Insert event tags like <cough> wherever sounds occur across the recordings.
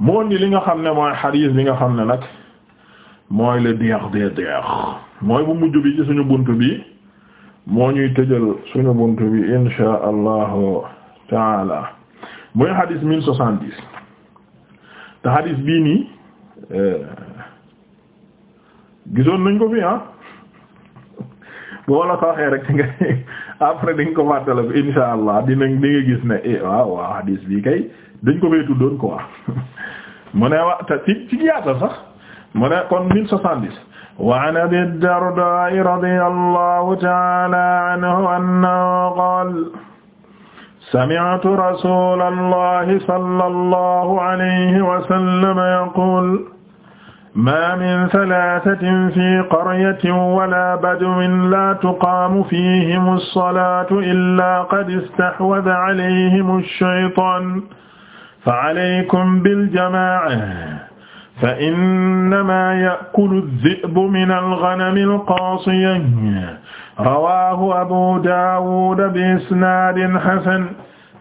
moo ni li nga xam ne mooy xadiis bi nga xam ne nag mooy le deex des deex mooy bu mujj bi ci suñu bunt bi moo ñuy tëjal suñu bunt bi insha allahu taala muy xadiis mille soixante dix te xadiis bii nii eh, gisoon nañ ko fi ah boo la ko rek nga <laughs> après dañ ko fàttale ko insha allah dinañ di gis ne eh, waaw waaw xadiis bii kay dañ ko fee tuddoon quoi <laughs> mu ne wa te ci ci yaatal sax mu ne kon 1070 wa an abi darda radiyallahu ta'ala anhu annahu qala sami'tu rasulallahi sallallahu alayhi wa sallam yaqul ma min salasatin fi qaryatin wala badwin la tuqaamu fihim as-salatu illa qad istahwadha alayhim ash-shaytan فعليكم بالجماعة فإنما يأكل الذئب من الغنم القاصية رواه أبو داود بإسناد حسن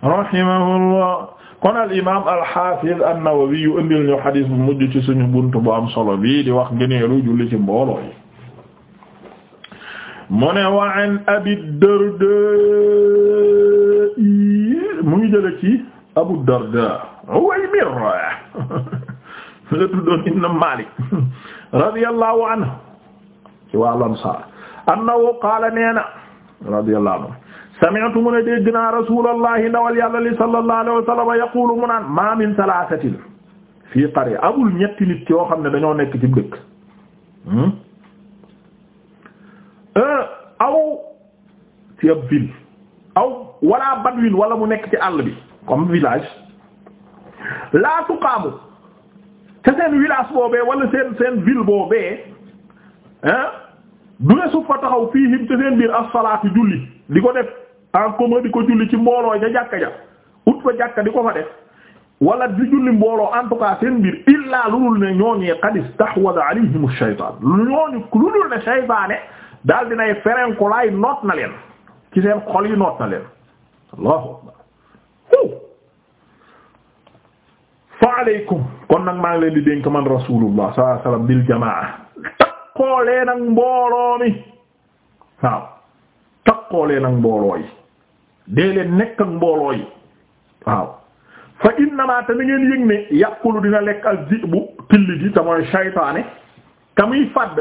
رحمه الله kon al-imaam al-haafiz an-Nawawi yu indil ñu xadis bu mujj ci suñu buntu bu am solo bi di wax ngëneelu julli ci mbooloo yi mu ne wa an Abi Dardaa mu ngi jële ci Abu Darda Uwaymir la tuddoon ibn Malik radiyallahu anhu ci wàllu ansaar annahu qaala neena radiyallahu anhu sami'tu mu ne dégg naa rasulallahi ndawal yàlla li sallallahu alayhi wa sallam yaqulu mu naan ma min thalathatin fii qarya amul ñetti nit yoo xam ne dañoo nekk ci dëkk hmm? aw ci ab ville aw wala badwin wala mu nekk ci àll bi comme village laa tuqaamu te seen village boobee wala seen ville boobee hein du ne su taxaw fiihim te seen biir as-salaatu julli di ko def en commun di ko julli ci mbooloo ja jàkka ja ut fa jàkka di ko fa def wala di julli mbooloo en tout cas seen biir illaa lulul ne ñooñee qad istahwada alayhim ash-shaytaan ñooñu lulul ne shaytaane daal dinay ferenkulaay noot na leen ci seen xol yi leen fa aleykum kon nag maa ngi leen di dénk man rasulullah sallallahu alayhi wasallam bil jamaa takkoolee nag mbooloo mi waaw takkoolee nag mbooloo yi dee leen nekk ak mbooloo yi waaw fa innama te ngeen yëg ne yàqulu dina lekk al zibu tilli gi te mooy saytaane ka muy fàdd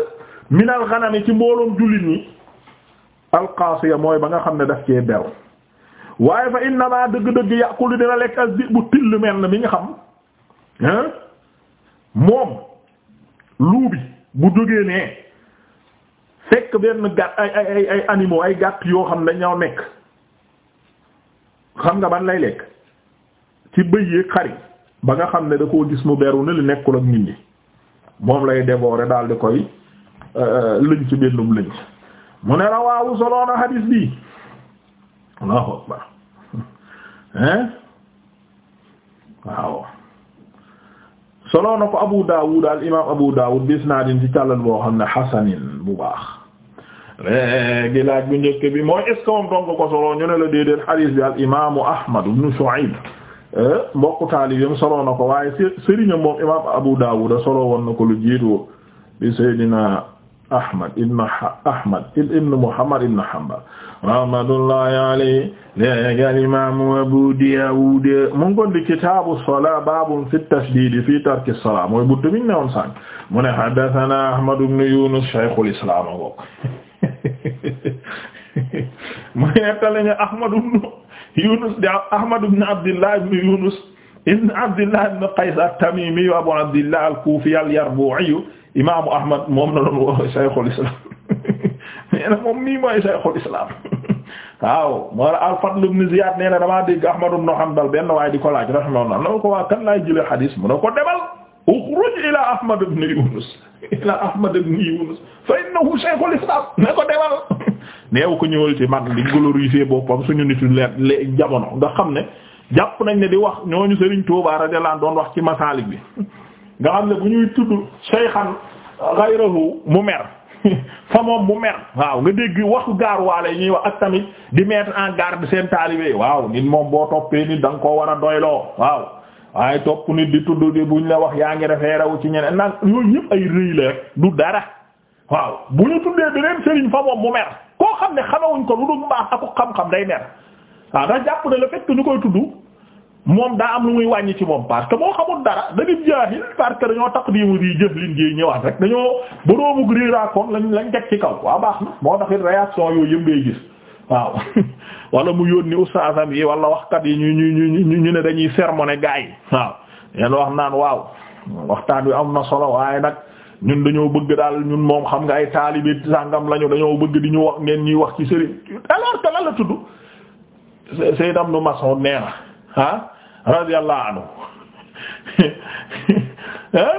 minal ghanami ci mbooloom jullit ñi alqaasiya mooy ba nga xam ne daf cee bew waaye fa inna maa dëgg-dëgg yàqulu dina lekk as bu till mel mi nga xam hein moom luubi bu jógee nee fekk benn gàtt ay ay ay animaux ay gàtt yoo xam ne dañoo nekk xam nga ban lay lekk ci bëy yeeg xari nga xam ne da koo gis mu beru ne li nekkul ak nit ñi moom lay dévorer daal di koy euh, euh, lëñ ci bennum lëñ mu ne rawaawu soloon a xadiis bi Allahu akbar <laughs> hein waaw solo na ko Abu Dawud al imaam Abu Dawud bis naa din ci càllal boo xam ne xasanin bu baax léegi laaj bu njëkk bi mooy est moom donc ko solo ñu ne la déedéet xadiis bi al imaamu Ahmad ibn Shu'ayb eh, mbokku taalibeem solo na ko waaye sëriñam moom imaam Abu Dawud solo ko lu jiitu bi Seydina Ahmad ibn Ahmad ibn Muhammad ibn Hanbal rahmatullahi alayhi léegi al-imaam Abu Daawuud mu ngi di kitaabu salaa baabun fi tashdiid fi tarki salaa mooy buntu bi ñu newoon sànq mu ne haddathanaa Ahmad ibn Yuunus shaykhul islaam <laughs> mu nettali ñu Ahmad ibn Yuunus Ahmad ibn Abdillah ibn Yuunus ibn Abdillah ibn Qays at-Tamiimi Abu Abdillah al-Kuufi al-Yarbuu'i imaamu Ahmad moom la doon woo Shaykhul Islam nee na moom mii mooy Shaykhul Islam waaw moo la al-Fadl ibn Ziyad nee na damaa dégg Ahmad ibn Hanbal benn waaye di ko laaj rahimahullah na ko waa kan laay jëlee xadis mu ne ko demal ukhruj ila Ahmad ibn Yunus ila Ahmad ibn Yunus fa innahu Shaykhul Islam ne ko demal neew ko ñëwal ci man di glorifier boppam suñu nitu leer jamono nga xam ne jàpp nañ ne di wax ñooñu Serigne Touba radiyallahu anhu doon wax ci masaalik bi nga xam ne bu ñuy tudd shaykhan ghayrahu mu mer <laughs> fa moom mu mer waaw nga dégg waxu gaaruwaale yi ñuy wax ak tamit di mettre en garde seen taalibe waaw nit moom boo toppee nit da ko war a doyloo waaw waaye topp nit di tudd di buñ la wax yaa ngi refee raw ci ñeneen nag yooyu yëpp ay rëy rek du dara waaw bu ñu tuddee beneen sëriñ fa moom mu mer koo xam ne xamawuñ ko lu dul mbaax ak xam-xam day mer waaw ndax jàpp ne le fait que ñu koy tudd moom daa am lu muy wàññi ci moom parce que moo xamul dara dañu jaahil parce que dañoo taqdimu di jëflin gi ñëwaat rek dañoo boroomu réeraakoon lañ lañ ci kaw waa baax na moo taxit réaction yooyu yëpp ngay gis waaw <laughs> wala mu yi wala waxkat yi ñu ñu ñu ñu ne dañuy sermoné gaa yi waaw yéen wax naan waaw waxtaan wi am na solo waaye nag ñun dañoo bëgg daal ñun moom xam nga ay taalibe sàngam lañu dañoo bëgg di ñu wax ngeen ñuy wax ci sëriñ alors que lan la tudd Seydou Amna Masson nee na ah. radiyallahu anhu eh?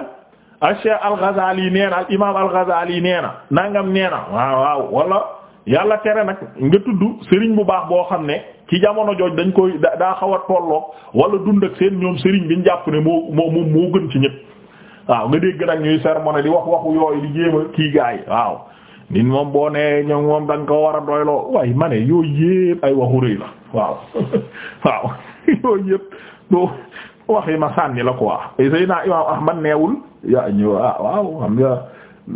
ah, Cheikh al-Ghazali nee na al imaam al-Ghazali nee na nangam nee na waaw waaw yàlla tere nag nga tudd sëriñ bu baax boo xam ne ci jamono jooj dañ koy daa xaw a tolloog wala dund ak seen ñoom sëriñ bi ñu jàpp ne moo moo moo gën ci ñëpp. waaw nga dégg nag ñuy sermoné di wax u yooyu di jéem kii gaay waaw nit moom boo nee ñoom moom da nga ko war a doyloo waaye ma ne yooyu yépp ay waxu rëy la waaw <laughs> waaw <laughs> yépp. wax yi ma sànni la ko Seydina Imam Ahmad neewul yaa ñëw ah waaw xam nga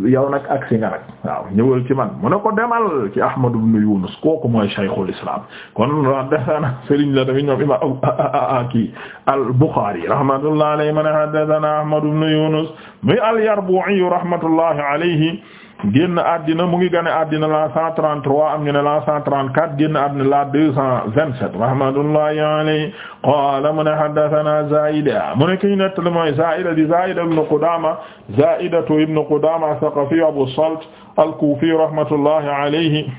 yow nag ak si nga nag waaw ñëwal ci man mu ne ko demal ci Ahmad ibn Yunus kooku mooy Shaykhul Islam kon haddathana Serigne la tamit ñoom imam ah, ah, ah, kii al-Bukhari rahmatullahi alayhi man haddathana Ahmad ibn Yunus muy al-Yarbu'i rahmatullahi alayhi génn àddina mu ngi gane àddina la 133 am ñu ne la 134 génn àddina la 227 rahmatullahi alayhi qaala mu ne haddathana Zaida mu ne ki ñu nettali mooy Zaida di Zaida ibn Qudama Zaidatu ibn Qudama Thaqafi Abu Salt al-Kufi rahmatullahi alayhi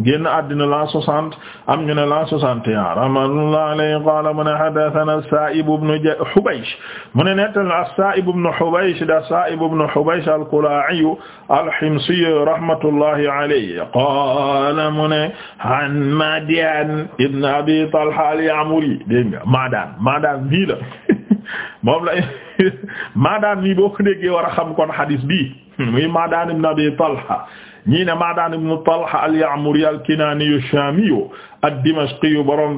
génn àddina la soixante am ñu ne la soixante et un rahmatullah alayhi qaala mu ne haddathana as-Sa'ib ibn Hubaysh mu ne nettal as-Sa'ib ibn Hubaysh da as-Sa'ib ibn Hubaysh al-Qula'i al-Himsi rahmatullahi alayhi qaala mu ne an Ma'dan ibn Abi Talha al-Ya'muri dégg nga Ma'dan Ma'dan mii la <laughs> moom la <laughs> Ma'dan mii boo ko déggee war a xam kon hadis bi muy Ma'dan ibn Abi Talha ñii ne Ma'dan ibn Talha al-Ya'muri al-Kinani ash-Shami ad-Dimashqiyu borom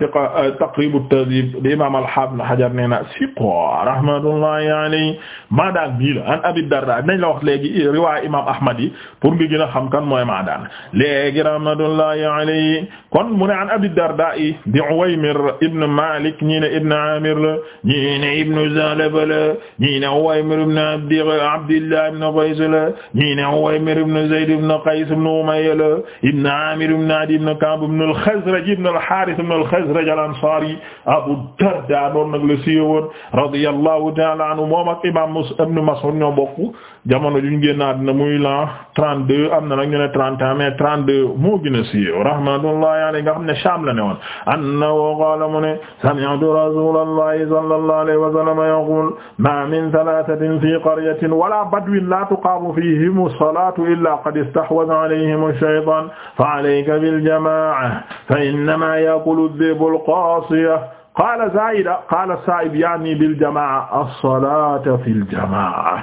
siqa Taqrib at-Tahdhib di imaam al-Hafiz Hajar nee na siqa rahmatullahi alayhi Maadaan bii la an Abi Darda nañ la wax léegi riwaaya imaam Ahmad yi pour nga gën a xam kan mooy Maadaan léegi rahmatullahi alayhi kon mu ne an Abi Darda di Uwaymir ibn Malik ñii ne ibn Amir la ñii ne ibn Zalaba la ñii ne Uwaymir ibn Abdi Abdillah ibn Qays la ñii ne Uwaymir ibn Zayd ibn Qays ibn Umayya la ibn Amir ibn Adi ibn Kaab ibn al-Xazraj ibn al-Haaris ibn al-Xazraj al-Ansaari Abu Dardaa noonu nag la siiwoon radiyallahu ta'ala anhu moom ak imaam Ibn Mas'ud ñoo bokk jamono juñ génn àddina muy lan 32 am na nag ñu ne 31 mais 32 moo gën a siiw rahmatullahi alayhi nga xam ne Sham la ne woon annahu qaala mu ne sami'tu rasulallahi sallallahu alayhi wa sallam yaqul ma min thalathatin fi qaryatin wala badwin la tuqaamu fihim as-salatu illa qad istahwadha alayhim ash-shaytan fa alayka bil jamaa'a fa innama ya'kulu adh-dhibu al-qaasiya qaala zaa'ida qaala saa'ib ya'ni bil jamaa'a as-salata fil jamaa'a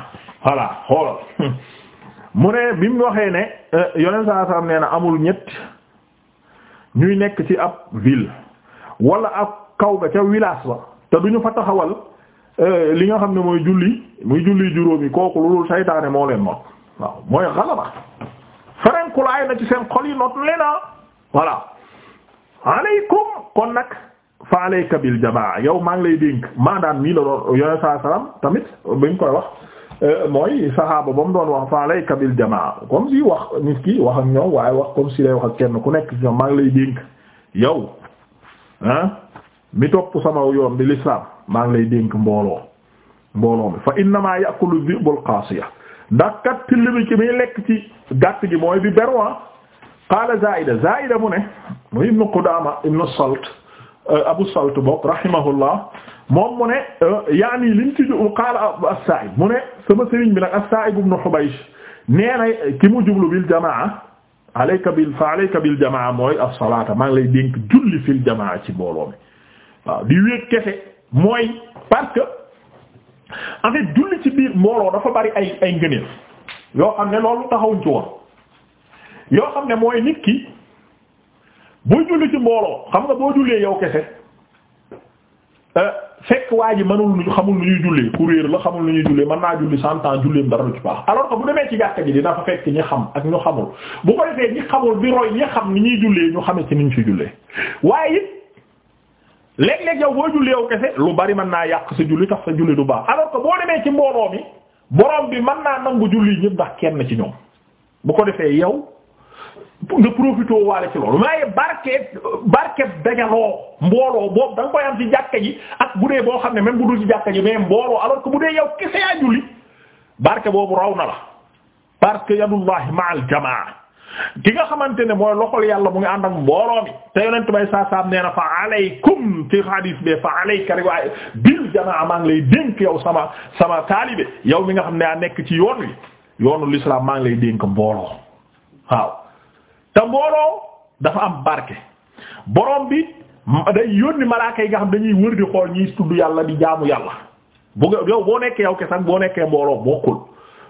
voilà xoolal <laughs> mu ne bi mu waxee ne yoneen saa salaam nee amul ñett ñuy nekk ci ab ville walla ab kaw ga ca village ba te duñu fa taxawal euh, li nga xam ne mooy julli muy julli juróomi kooku loolu saytaane moo leen noot waaw mooy xalaba ferenkulaay na ci seen xol yi noot lena voilà aleykum kon nag fa aleyka bil yow maa ngi lay dénk maadaan mii la doon yoneen salaam tamit bi ñu koy wax Euh, mooy saxaaba ba mu doon wax fa alayka bil jamaa comme si wax nit ki wax ak ñoom waaye wax comme si lay wax ak kenn ku nekk ñoom maa ngi lay dénk yow ah mi topp sama yoon di l'islam maa ngi lay dénk mbooloo mbooloo mi fa innamaa ya'kulu dhibul qaasiya ndax kat till bi ci muy lekk ci gàtt gi mooy bi berwa ah. qaala zaida zaida mu ne mu ibnu Qudaama ibnu Salt Euh, Abu Salt bok rahimahullah moom mu ne euh, yaani liñ ci jublu qaala as-Sa'ib mu ne sama sëriñ bi nag as-Sa'ib ibn Hubaysh nee ki mu jublu bil jamaa alayka bil fa alayka bil jamaa mooy as-salaata maa ngi lay dénk julli fil jamaa ci mbooloo mi di wéeg kese mooy parce que julli ci mbooloo dafa bari ay ay ngëneel yoo xam ne loolu taxawuñ ci woon yoo xam ne mooy nit boo julli ci mbooloo xam nga boo jullee yow kese euh, fekk waa ji mënul nu xamul nu ñuy jullee ku la xamul nu ñuy jullee mën naa julli cent ans julleem dara lu ci baax alors que bu demee ci jàkka ji dina fa fekk ñi xam ak ñu xamul bu ko defee ñi xamul bi roy ñi xam ni ñuy jullee ñu xame ci ni ñu si jullee waaye it léeg-léeg yow boo julli yow kese lu bari mën naa yàq si julli tax sa julli du baax alors que boo demee ci mbooloo mi borom bi mën naa nangu julli ñëpp ndax kenn ci ñoom bu ko defee yow nga profité waale ci loolu waaye barke barke dajaloo mbooloo boobu da nga koy am ci jàkka ji ak bu dee boo xam ne même bu dul ci jàkka ji mais mbooloo alors que bu dee yow kese yaa julli barke boobu raw na la parce que yadullahi ma jamaa ki nga xamante ne mooy loxol yàlla mu ngi ànd ak mbooloo mi te nee na fa alaykum ci hadis bi fa alayka riwaay bil lay dénk yow sama sama taalibe yow mi nga xam ne a nekk ci yoon wi yoonu l'islam maa ngi lay dénk mbooloo waaw te mbooloo dafa am barke borom bi day yónni malaaka yi nga xam dañuy wër di xool ñiy tudd yàlla di jaamu yàlla bu boo nekkee yow kesak boo nekkee mbooloo bokkul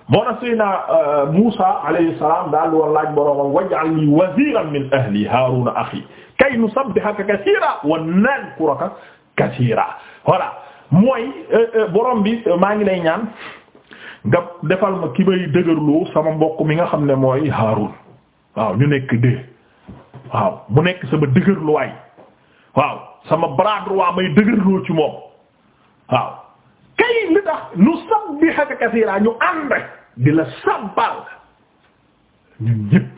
moo tax Seydina euh, Muusa alayhi salaam daal di woon laaj boroomam waj'al li waziran min ahli Haaruna axi kay nusabbihaka kasiira wa nadhkuraka kasiira mooy euh, euh, borom bi maa ngi lay ñaan nga defal ma ki may dëgërloo sama mbokk mi nga xam ne mooy Haarun waaw ñu nekk deux waaw mu nekk sama dëgërluwaay waaw sama bras droit may dëgërloo ci moom waaw kay li tax nu sabbihaka kasiira ñu ànd di la sabbal ñun ñëpp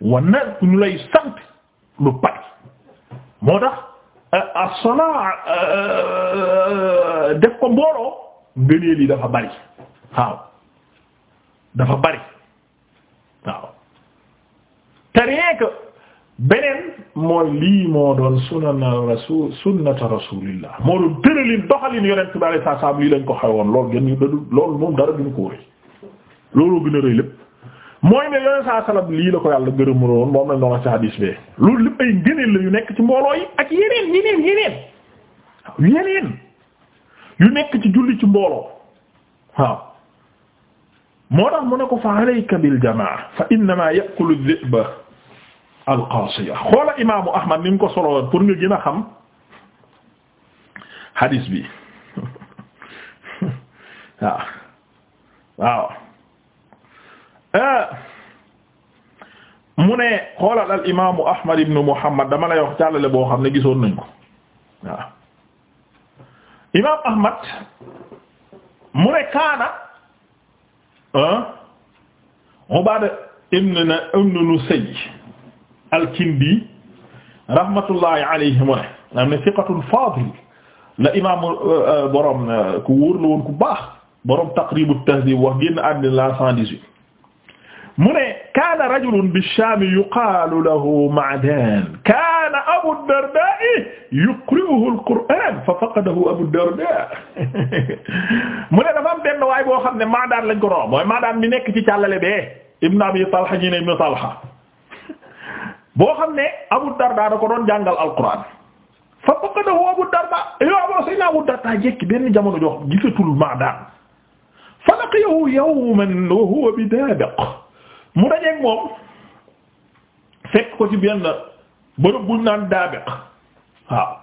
wana ñu lay sant lu pat moo tax as-salaa def ko mbooloo ngëneel yi dafa bari waaw dafa bari waaw te rien que beneen mooy lii moo doon sunan rasul sunnata rasulillah moo doon tëralin doxalin yonent bi sallallahu alayhi lii lañ ko xawoon loolu gën ñu a rëy lépp mooy ne yonent sallallahu alayhi lii la ko yàlla gërëmul woon moom lañ doon ci hadis bee loolu lépp ay ngëneel la yu nekk ci mbooloo yi ak yeneen yeneen yeneen yeneen yu nekk ci julli ci mbooloo waaw moo tax mu ne ko fa alayka bil jamaa fa innama ya'kulu dhi'ba al-Qaasiya xoola imaamu Ahmad ni mu ko solowoon pour nga gën xam hadis bi <laughs> waaw waaw eh. mu ne xoolal al imaamu Ahmad ibn Muhammad dama lay wax jàllale boo xam ne gisoon nañ ko waaw imaam Ahmad mu ne kaana ah, Ubaada ibn Nusay al-Kindi rahmatullahi alayhi mu ne am ne thiqatun fadil la imam euh, borom euh, ku wóor la woon ku baax borom Taqrib at-Tahdhib wax génn àddina la 118 mu ne kaana rajulun bi-Shaam yuqaalu lahu Ma'dan kaana Abu Dardaa yuqri'uhu al-Qur'aan fa faqadahu Abu Dardaa <laughs> mu ne dafa am benn waay boo xam ne Ma'dan lañ ko rox mooy Ma'dan mi nekk ci càllale bee Ibn Abi Talha ñi ne Ibn Talha boo xam ne Abu Darda da ko doon jàngal alquran fa faqadahu Abu Darda yow Abu Darda jekki benn jamono jox gisatul Ma'dan fa laqiyahu yawman wa huwa bidabiq mu dajeeg moom fekk ko ci benn bërëb buñ naan daabiq waaw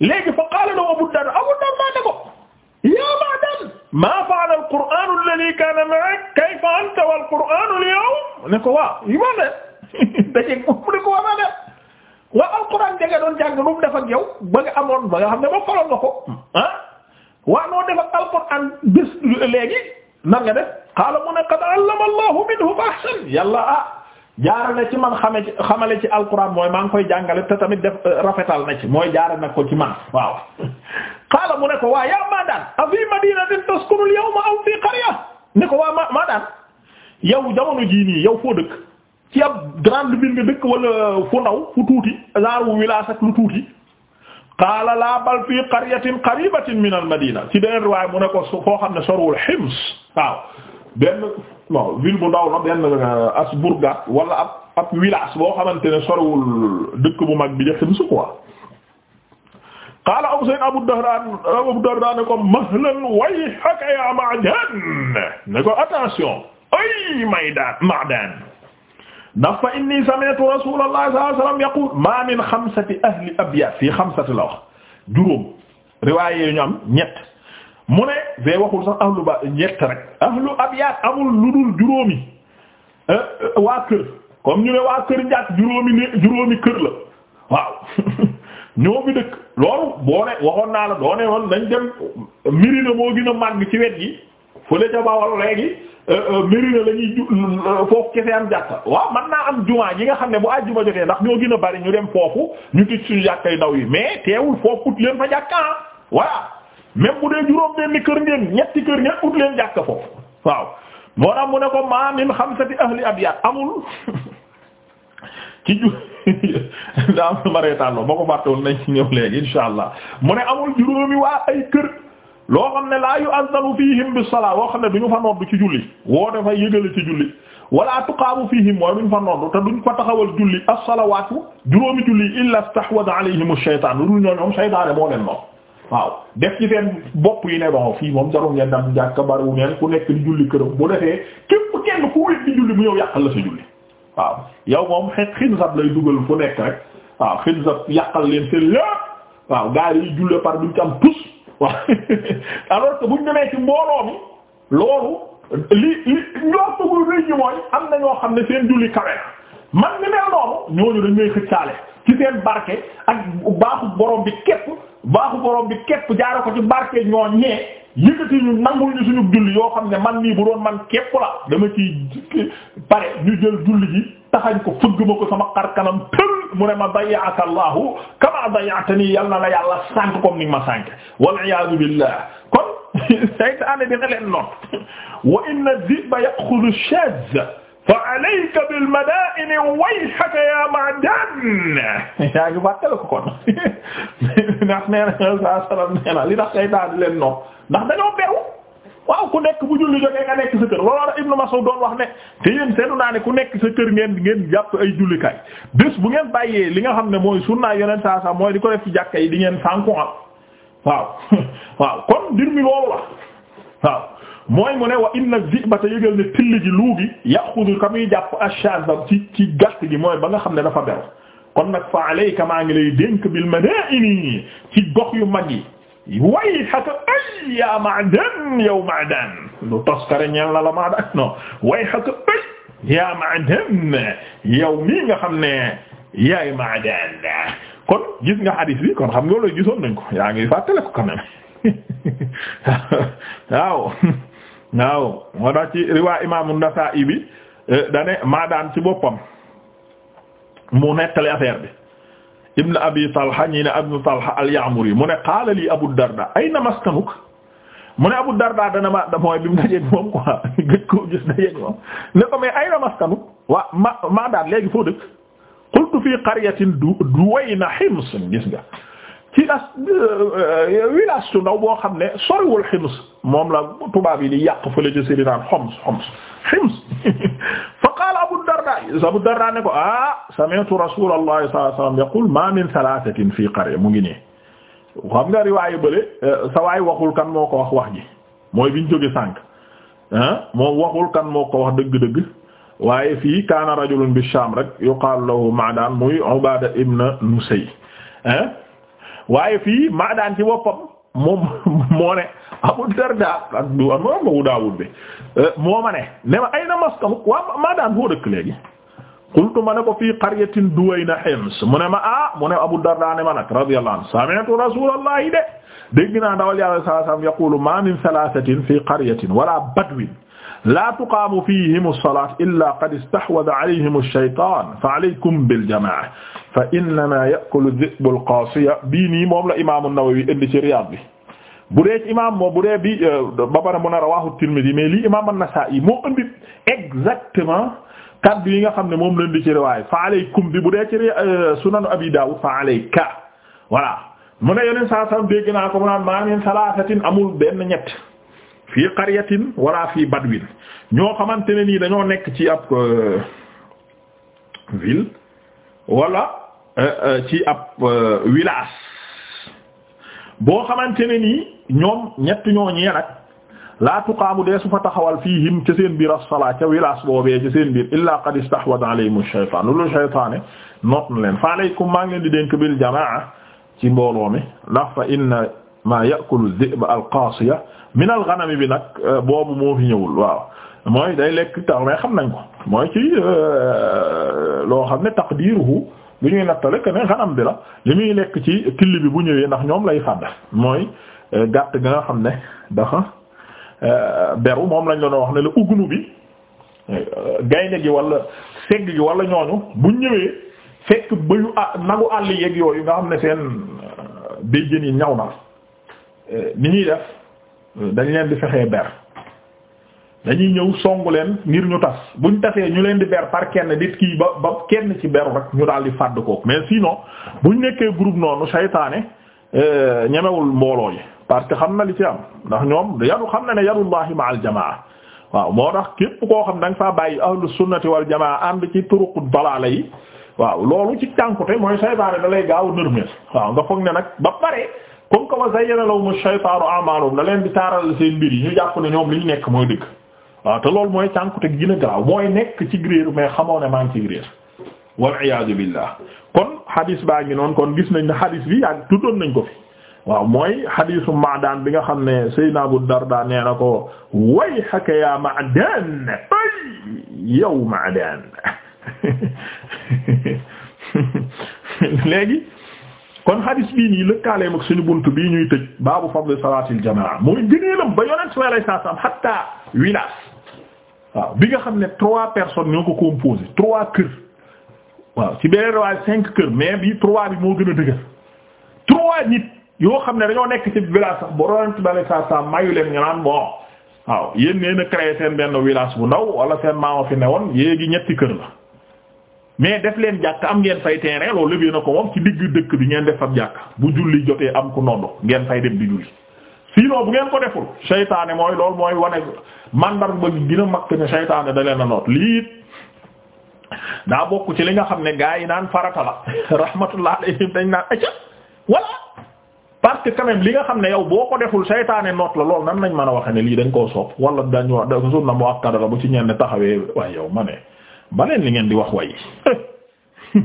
léegi fa qaala lahu Abu Darda Abu Darda ne ko Ma'dan maa fa'ala al-qur'anu alladhi kana ma'ak kayfa anta wal-qur'anu al-yawm <laughs> dajeeg moom mu ne ko war a def waaw jege doon jàng nu mu def ak yow amoon ba xam ne ba faloon nga ko ah? waa noo def ak alxuraan bés léegi nan nga def xaala mu ne qad ah, na ci man xame ci ci alxuraan mooy maa ngi koy jàngale te tamit def eh, rafetal na ci mooy jaara na ko ci <laughs> mu ne ko waa yaa maa a fii madinatin taskunu al yawma aw fii qarya ne ko waa ma maa daan yow jamono jii nii yow foo dëkk ci ab grande ville nga dëkk wala fu ndaw fu tuuti genre wu village ak lu tuuti qaala laa bal fii qaryatin qaribatin min al madina ci beneen riwaay mu ne ko xam ne sorwul Hims waaw benn bon ville bu ndaw la benn euh, wala ab ab village boo xamante ne sorwul dëkk bu mag bi di Hims quoi qaala Abu Sayyid Abu Dahran Abu Dahran ne ko mahlan wayhaka ya Ma'dan attention ay Maydan ndax fa inni sami'tu rasulallahi sallallahu alayhi wasallam yaqul ma min xamsati ahli abyaat fii xamsati la wax juróom riwaay yu ñu am ñett mu ne fee waxul sax ahlu ba ñett rek ahlu abyaat amul lu dul juróomi euh, euh, waa kër comme ñu ne waa kër njaat juróomi ne juróomi kër la waaw <laughs> ñoo bi dëkk loolu boo ne waxoon naa la doo ne woon nañ dem Mirina moo gën a màgg ci wet gi fële ca Bawol léegi Euh, euh, Médina na ñuy euh, foofu kese am jàkka waaw man naa am jumaa yi nga xam ne bu àjjuma jotee ndax ñoo gën a bari ñu dem foofu ñu tëj suñu jàkka yu ndaw yi mais teewul foofu ut leen fa jàkka ah. voilà même bu dee juróom benn kër ngeen ñetti kër ngeen ut leen jàkk foofu waaw moo tax mu ne ko ma min xamsati ahli abiyat amul <laughs> ci ju <laughs> daa am na ma reetaan loo ma ko fàtte woon nañ ci ñëw léegi insha allah mu ne amul juróomi waa ay kër. loo xam ne laa yu azzalu fihim bi salaa loo xam ne du ñu fa noddu ci julli woo dafa yëgale ci julli wala tuqaamu fihim mooy duñ fa noddu te duñ fa taxawal julli as-salawaatu juróomi julli illa istahwada alayhim ash-shaytaan lu ñoo ñoom shaytaane moo leen noonu waaw def ci seen bopp yi ne bon fii moom jarul ngeen dem jàkka bariwu ngeen ku nekk di julli këram bu defee képp kenn ku wét di julli mu yow yàqal la sa julli waaw yow moom xet xinsab lay dugal fu nekk rek waaw xinsab yàqal leen seen lépp waaw gaari yi julle par duñ ci am tus waaw <laughs> alors que buñ demee ci mbooloo mi loolu li li ñoo bëggul rëy ñi am na ñoo xam ne seen julli kawe man ni mel noonu ñooñu dañ may xëccaale ci seen barke ak baaxu borom bi kepp baaxu borom bi képp jaare ko ci barke ñoo ñee yëkkati ñu nangul ñu suñu julli yoo xam ne man nii bu doon man képp la dama ciy pare ñu jël julli ji taxañ ko fëgg ma ko sama xar kanam tël mu ne ma dayya'aka Allahu kama dayya'tani yal na la yàlla sànk comme ni ma sànk wal iyaadu billah kon saytaane <laughs> dina leen noot wa inna dhi'ba ya'khudhu ash-shadh fa alayka bil madaa'in wayhaka ya ma'dan <laughs> yaa ngi fàttali ko kon <laughs> ndax nee na sallallahu alayhi wa sallam nee na li tax saytaane leen noot ndax dañoo beew waaw ku nekk bu julli jotee nga nekk sa kër looloo Ibnu Mas'ud doon wax ne te yéen seetlu naa ne ku nekk sa kër ngeen ngeen jàpp ay jullikaay bés bu ngeen bàyyee li nga xam ne mooy sunna yeneen saa saa mooy di ko def ci jàkka yi di ngeen sànku am waaw <laughs> waaw kon mbir mi loolu la waaw mooy mu ne wa inna zibata yëgal ne till gi luu gi yaxudu ka muy jàpp ashazam ci ci gàtt gi mooy ba nga xam ne dafa beru kon nag fa alayka maa ngi lay dénk bil madaini yu mag yi wayhaka ay yaa Ma'dan yow Ma'dan lu toskare ñeel na la Ma'dan non wayhaka ay yaa Ma'dan yow mii nga xam ne yaay Ma'dan kon gis nga hadith bi kon xam nga loolu gisoon nañ ko yaa ngi fàttale ko quand même <laughs> waaw waaw moo tax ci riwaa imaamu Nasaa'i bi eh, dane Ma'dan ci boppam mu nettali affaire bi ibn abi talha ñi ne abu talha al-ya'muri mu ne qaala li abu darda ayna maskanuk mu ne abu darda dana ma mooy bi mu dajeeg moom quoi gëj koo gis dajeeg moom ne ko mais ayna maskanuk waa ma maa daan léegi foo dëkk qultu fi qaryatin duwayna hims gis nga ci as euh, euh, village su ndaw boo xam ne soriwul Hims moom la tubaab yi di yàq fële ca Sédina Homs Homs Hims <laughs> fa qaala Abu Darda Abu Darda ne ko ah sami'tu Rasulallahi sallallahu alayhi wasallam yaqul ma min thalathatin fii qarya mu ngi nii. xam nga riwaayu bële euh, sa waay waxul kan moo ko wax wax ji mooy biñ jóge sànq ah moom waxul kan moo ko wax dëgg-dëgg waaye fii kaana rajulun bi Sham rek yuqaalu lahu Ma'dan muy Ubaada ibn Nusay ah. waaye fii maadaan ci boppam moom moo ne Abu Darda ak du am Abu Daawud bi eh, moo ma ne ma ayna maskanu waaw maadaan foo dëkk léegi qultu ma ne ko fii qaryatin duwayna Hims ne ma ah mu ne Abu Darda ne ma nag radiyallahu anhu sami'tu rasulallahi de dégg naa dawal yàlla sallallahu alayhi wasallam yaqulu ma min thalathatin fi qaryatin wala badwin laa tuqaamu fiihimu salaatu illaa qad istahwadha alayhimu shaytaan fa alaykum bil jamaa fa innamaa ya'kulu dhi'bu al-qaasiya bii nii moom la imaamu Nawawi indi ci Riyaad bi. bu dee ci imaam moom bu dee bi euh, ba pare mu ne rawaahu Tirmidhi mais lii imaam An-Nasaa'i moo indi exactement kaddu yi nga xam ne moom la indi ci riwaaya fa alaykum bi bu dee ci euh, Sunan Abi Daawud fa alayka voilà mu ne yeneen saa sam dégg naa ko mu naan maa min salaasatin amul benn ñett. fii qaryatin wala fii badwin ñoo xamante ne nii dañoo nekk ci ab euh, ville wala euh, euh, ci ab village boo xamante ne nii ñoom ñett ñoo ñee nag laa tuqaamu dee su fa taxawal fiihim ca seen biir as-salaa ca village boobee ca seen biir illaa qad istahwada alayhim ash-shaytaan loolu shaytaane noot leen fa alaykum maa ngi di dénk bil jamaa ci mbooloo mi ndax fa inna ma maa yakulu dhi'b alqaasiya min alghanam bi nag euh, boobu moo fi ñëwul waaw mooy day lekk tax mais xam nañ ko mooy ci euh, loo xam ne taqdiruhu lu ñuy nattale que ne bi la li muy lekk ci till bi bu ñëwee ndax ñoom lay fàdd mooy euh, gàtt ga nga xam ne dafa beru moom lañ la doon wax ne la ugnu bi gaynde gi wala segg gi wala ñooñu bu ñëwee fekk bëyu nagu àll yeeg yooyu nga xam ne seen béjjën yi ñaw na ni ñuy def dañ leen di fexee ber dañuy ñëw songu leen ngir ñu tas buñ tasee ñu leen di ber par kenn dit kii ba ba kenn ci beru rek ñu daal di fàdd ko mais sinon buñ nekkee groupe noonu saytaane euh, ñemewul mbooloo yi parce que xam na li ci am ndax ñoom yaru xam na ne yarullahi ma al jamaa waaw moo tax képp koo xam da nga faa bàyyi ahlu sunnati wal jamaa ànd ci turuqu dalaala yi waaw loolu ci tànkute mooy saytaane da lay gaaw waaw nga foog ne nag comme que wa zayyana lahum ash-shaytaanu a'maalahum da leen di taaral seen mbir yi ñu jàpp ne ñoom li ñu nekk mooy dëgg waaw te loolu mooy cànkute gi gën a mooy nekk ci réer mais xamoo ne maa ngi ci réer wal iyaadu billah kon hadis baa ngi noonu kon gis nañ ne hadis bi yàgg tuddoon nañ ko fi waaw mooy hadisu Ma'daan bi nga xam ne Seydina Abu Darda nee na ko wayhaka yaa Ma'daan yow Ma'daan <laughs> léegi kon hadis bii nii lëkkaaleem ak suñu bunt bii ñuy tëj baabu fadl salaatil jamaa mooy gëneelam ba yonent sallallahu alayhi wasallam hatta waaw bi nga xam ne trois personnes ñoo ko composé trois kër waaw ci beneen waaye cinq kër mais bi trois bi moo gën a dëgër trois nit yoo xam ne dañoo nekk ci village sax ba yonent sallallahu alayhi wasallam mayu leen ñu naan bon waaw yéen nee na seen benn village bu ndaw wala seen maama fi ne woon yéegi ñetti kër la mais def leen jàkk am ngeen fay terrain loolu lëbee na ko moom ci digg dëkk bi ngeen def ab jàkk bu julli jotee am ku nodd ngeen fay dem di julli sinon bu ngeen ko deful seytaane mooy loolu mooy wane mandar ba gën a mag ne seytaane da leen a noot lii daa bokk ci li nga xam ne gaa yi naan farata la <laughs> rahmatullah alayhim dañ naan acca voilà parce que quand même li nga xam ne yow boo ko deful seytaane noot la loolu nan nañ mën a waxe ne lii dañ koo sopp wala dañ sunna muakkada la bu ci ñenn taxawee waaye yow ma ne ba leen li ngeen di wax way waaw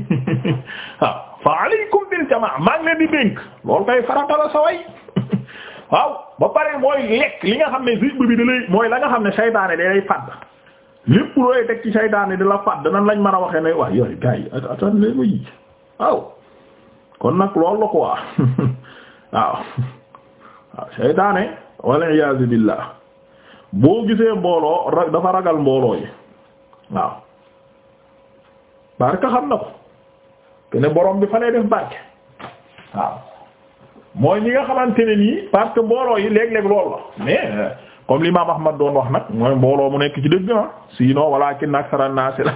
<laughs> ah, fa alaykum bil jamaa maa leen di dénk loolu koy farata la sa <laughs> waaw ba pare mooy lekk li nga xam ne zibb bi da mooy la nga xam ne saytaane da lay fàdd lépp looy teg ci saytaane di la fàdd nan lañ mën a waxee ne wax yooyu gars yi atan leen ma yi waaw kon nag loolu la ko waa <laughs> waaw waaw saytaane walla iyaazu billaah boo gisee mbooloo dafa ragal mbooloo yi waaw barke xam na ko te borom bi fa lay def barke waaw mooy ñi nga xamante ne nii parce que mbooloo yi léeg-léeg loolu la mais euh, comme l'imam Ahmad doon wax nag mooy mbooloo mu nekk ci dëgg ah sinon walaakin aksara naasi la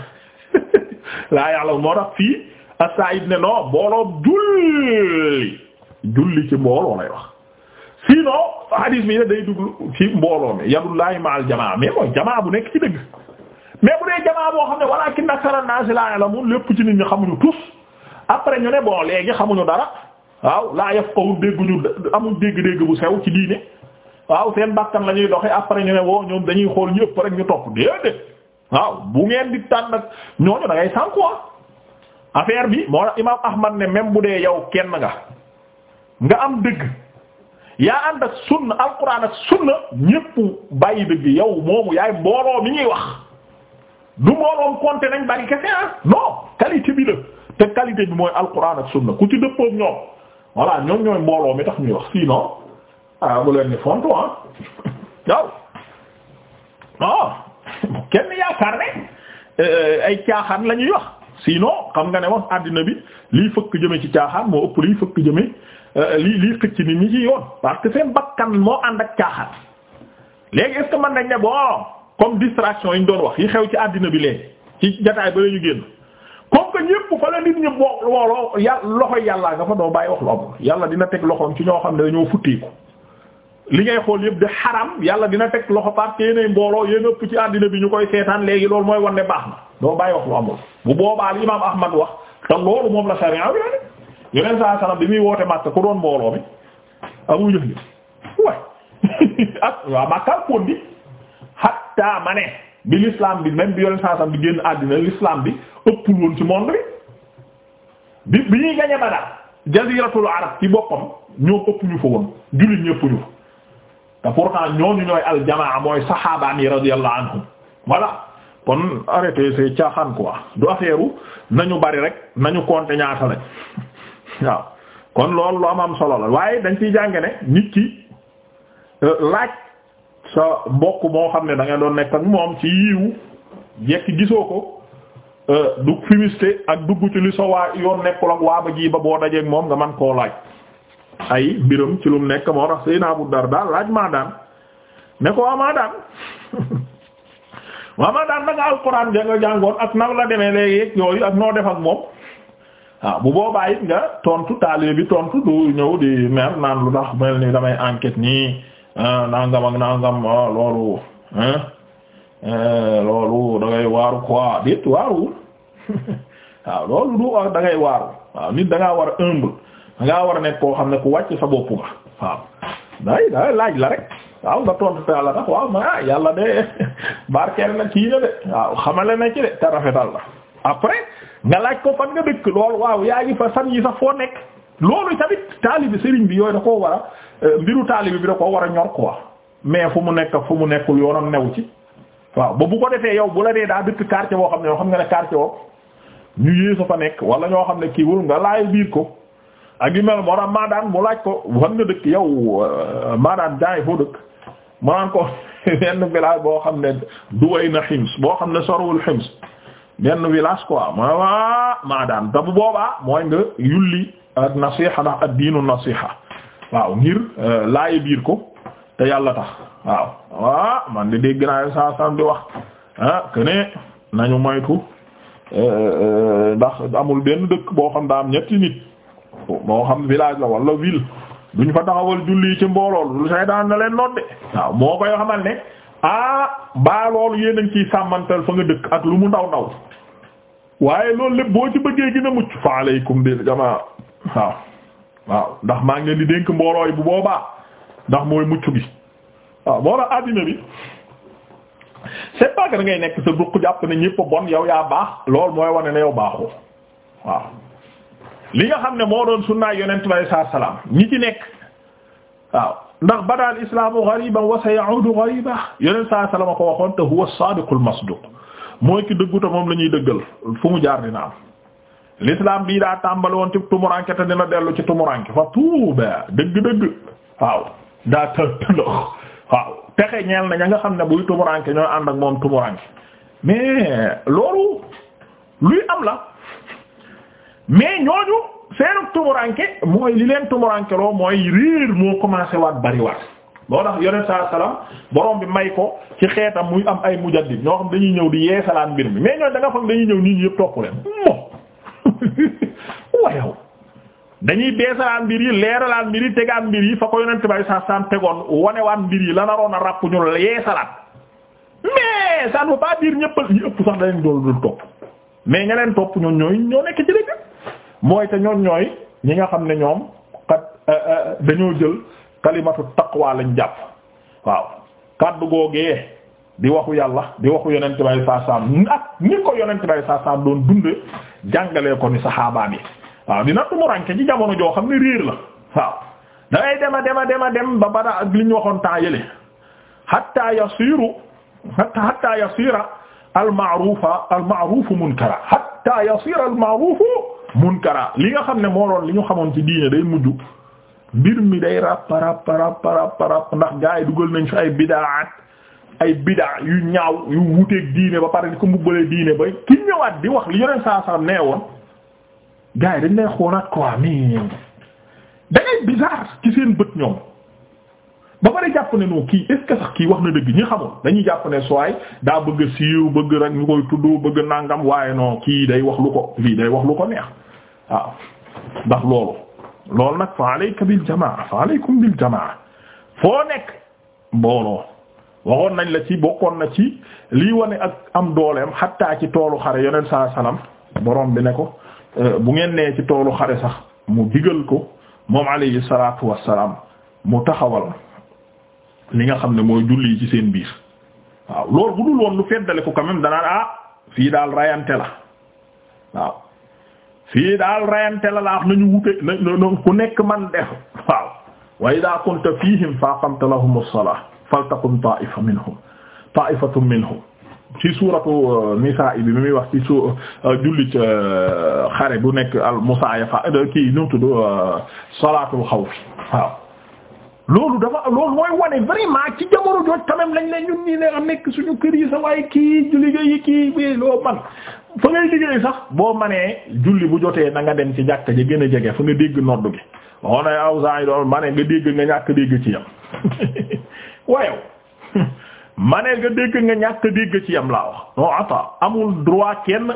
<laughs> laa yàlla moo tax fii As-Sa'id ne non mbooloo julli julli ci mbooloo lay wax sinon hadis bi day dugg ci mbooloo mi yadullahi ma'al jamaa mais mooy jamaa bu nekk ci dëgg. mais bu dee jamaa boo xam ne ak walaakin aksara naasi laa ya'lamuun lépp ci nit ñi xamuñu tous après ñu ne bon léegi xamuñu dara waaw laa yafqahuun dégguñu amuñ dégg-dégg bu sew ci diine waaw seen bakkan la ñuy doxe après ñu ne woo ñoom dañuy xool ñëpp rek ñu topp déedéet waaw bu ngeen di tànn nag ñooñu da ngay sànq ah. bi moo tax imaam Ahmad ne même bu dee yow kenn nga nga am dégg yaa ànd ak sunna alquran ak sunna ñëpp bàyyi dëgg yow moomu yaay ñuy wax. du mooloom compter nañ bari kese ah qualité bi la te qualité bi mooy alquran ak sunna ku ci dëppook ñoom voilà ñoom ñooy mbooloo mi tax ñuy wax sinon ah bu leen ni fonto ah yow <laughs> <laughs> kenn yaakaar ne euh, ay caaxaan la ñuy wax sinon xam nga ne moom àddina bi liy fëkk jëme ci caaxaan moo ëpp liy fëkk jëme euh, lii lii xëcc nit ñi ci yoon parce que seen bakkan moo ànd ak caaxaan léegi est que man nañ ne bon comme distraction yi ñu doon wax yi xew ci àddina bi léegi ci jataay ba la ñu génn comme que ñépp fa la nit ñi boo looloo ya loxo yàllaa nga fa doo bàyyi wax lu amul yàlla dina teg loxoom ci ñoo xam ne dañoo futteeku li ngay xool yépp di xaram yàlla dina teg loxo parce que yéenay mbooloo yéen ëpp ci àddina bi ñu koy seetaan léegi loolu mooy wan ne baax na doo bàyyi wax lu amul bu boobaa li imaam Ahmad wax te loolu moom la sariya bi la ne bi muy woote Makka ku doon mbooloo <laughs> ak waa Makka kondi hatta ma ne bi l'islam bi même bi yoleen saasam bi génn àddina l'islam bi ëppul woon ci monde bi bi bi ñuy gañe Badar jaziratul arab ci boppam ñoo ëpp ñu fa woon jullit ñëpp ñu fa te pourtant ñooñu ñooy aljamaa mooy saxaabaan yi radiyallahu anhum voilà kon arrêté say caaxaan quoi du affaire nañu bari rek nañu compter ñaata lañ <laughs> waaw kon loolu lu am am solo la waaye dañ ciy jàng ne nit ki euh, laaj sa mbokk moo xam ne da doon nekk ak moom ci yiwu jekk gisoo ko euh, du fumiste ak dugg ci li sa waa yoon nekkul ak waa ba ji ba boo dajeeg moom nga man koo laaj ay biram ci lu mu nekk moo tax bu Abu Darda laaj maa daan ne ko waa maa daan <laughs> waa maa daan da nga alxuraan nga jàngoon ak nan la demee léegi yooyu ak noo def ak moom waaw ah, bu boobaa it nga tontu taalibe bi tontu du ñëw di mer naan lu tax mel ni damay enquête nii nangam ak nangam ah, loolu eh, loolu da ngay waaru quoi déet waaruwul <laughs> waaw loolu du wax da ngay waaru waaw nit da war a humble da war a nekk koo xam ne ku wàcc sa bopp nga waaw day day laaj la rek waaw nga tontu te yàlla tax waaw ma ah, yàlla de <laughs> barkeel na kii na de waaw xamale na ci de te rafetal après nga laaj ko fan nga dëkk loolu waaw yaa ngi fa san yi sax foo nekk loolu tamit taalibi sëriñ bi yooyu da koo war mbiru taalibe bi da ko war a ñor quoi mais fu mu nekk fu mu nekkul yoonam new ci waaw ba bu ko defee yow bu la dee daa dëkk quartier boo xam ne yoo xam nga ne quartier woo ñu nekk wala ñoo xam ne kii wul nga laay biir ko ak yu mel moo tax maadaan mu laaj ko fan nga dëkk yow euh, maadaan jaay foo dëkk mu naan ko <laughs> benn village boo xam ne duway na xims boo xam ne sorowul xims benn village quoi ma waa maadaan te bu boobaa mooy nga yulli ak nasiha ndax ad diinu nasiha waaw ngir euh, laaye biir ko te yàlla tax waaw ah man de dégg naa saa saa di wax ah que ne nañu moytu euh, euh, ndax amul benn dëkk boo xam daa am ñetti nit moo xam village la wala ville duñ fa taxawal julli ci mbooloo lu saytaan na leen nodde waaw moo koy xamal ne ah baa loolu yéen nañ ngi ciy sàmmantal fa nga dëkk ak lu mu ndaw ndaw waaye loolu lépp boo ci bëggee gën a mucc fa aleykum bil jamaa waaw. waaw ndax maa ngi leen di dénk mbooloo yi bu boobaa ndax mooy mucc gi waaw moo tax àddina bi c'est pas que ngay nekk sa duq jàpp ne ñépp a bon yow yaa baax lool mooy wane ne yow baaxoo waaw li nga xam ne moo doon sunnaay yonent bi alayhi salaatu salaam ñi ci nekk waaw ndax bada al islaamu ghariban wa sayaudu ghariba yonent saa salaam a ko waxoon te huwa as-saadiqul masduuq mooy ki dëggu te moom la ñuy dëggal fu mu jaar dina am l'islam bii daa tàmbali woon ci tumuranke te dina dellu ci tumuranke fa tuuba dëgg-dëgg waaw daa tëndox waaw texe ñeel na ña nga xam ne buy tumuranke ñooy ànd ak moom tumuranke mais loolu luy am la mais ñooñu seenu tumuranke mooy li leen tumuranke loo mooy riir moo commencé waat bari waat moo tax yonent saa salaam borom bi may ko ci xeetam muy am ay mujaddid ñoo xam dañuy ñëw di yeesalaan mbir mi mais ñooñu da nga foog dañuy ñëw nii ñi yëpp leen <laughs> wayow dañuy beesalaan mbir yi leeralaan mbir yi tegaat mbir yi fa ko yonent bay sa san tegoon wanewaan mbir yi la naroon a ràpp ñu yeesalaat mais ça ne veut pas dire ñëpp ñu ëpp sax dañu doon dul topp mais ña leen topp ñoom ñooy ñoo nekk ci dëgg mooy te ñoom ñooy ñi nga xam ne ñoom kat euh, euh, dañoo jël kalimatu taqwa lañ jàpp waaw kaddu googee di waxu yàlla di waxu yonent bay saa saam ak ni ko yonent saa saam doon dundee jàngalee ko ni saxaabaa bi waaw dina tumuranke ci jamono joo xam ne réer la waaw da ngay dema dema dema dem ba bada ak li ñu waxoon temps yële hatta yasiru hatta hatta yasira al ma'rufa al munkara li nga xam ne moo li ñu xamoon ci diine day mujj mbir mi day ràpp ràpp ràpp ràpp ràpp ndax gaa yi dugal nañ fi ay bidaat ay bidaa yu ñaaw yu wuteeg diine ba pare di ko mbubbalee diine ba ki ñëwaat di wax li yoneen saa saa nee woon gars yi dañ lay xoolaat quoi mi da ngay ci seen bët ñoom ba pare jàpp ne non kii est sax kii wax na dëgg ñi xamul dañuy jàpp ne sooy daa bëgg siiw bëgg rek ñu koy tudd bëgg nàngam waaye non kii day wax lu ko lii day wax lu ko neex waaw ndax loolu loolu nag fa alayka bil jamaa fa alaykum jamaa foo nekk mbooloo waxoon nañ la ci bokkoon na ci lii wane ak am dooleem xattaa ci toolu xare yoneen sa salaam borom bi ne ko euh, bu ngeen nee ci toolu xare sax mu digal ko moom alayhi salaatu salaam mu taxawal li nga xam ne mooy julli ci seen biir waaw loolu bu dul woon lu feddale ko quand même danaan ah fii daal rayante la waaw fii daal rayante la laax nañu wute na ku nekk man def waaw wa idaa kunta fiihim fa aqamta lahumu salaah faltaqum ta'ifa minhum ta'ifatun minhum ci suuratu uh, nisaa bi mi muy wax ci su uh, jullit uh, xare bu nekk al musaayafa kii nu mu tudd salaatul xawf waaw loolu dafa loolu mooy wane vraiment ci jamono jooj quand même lañ ñun ñi ne am nekk suñu kër yi sa waaye kii liggéey yi kii bi loo man fa ngay liggéey sax boo manee julli bu jotee na nga dem ci jàkka ji gën a jege fa nga dégg nodd gi waxoon ay awsaan yi doon ma nga dégg nga ñàkk dégg ci yam <laughs> wayow <laughs> ma nga dégg nga ñàkk dégg ci yam laa wax non attends amul droit kenn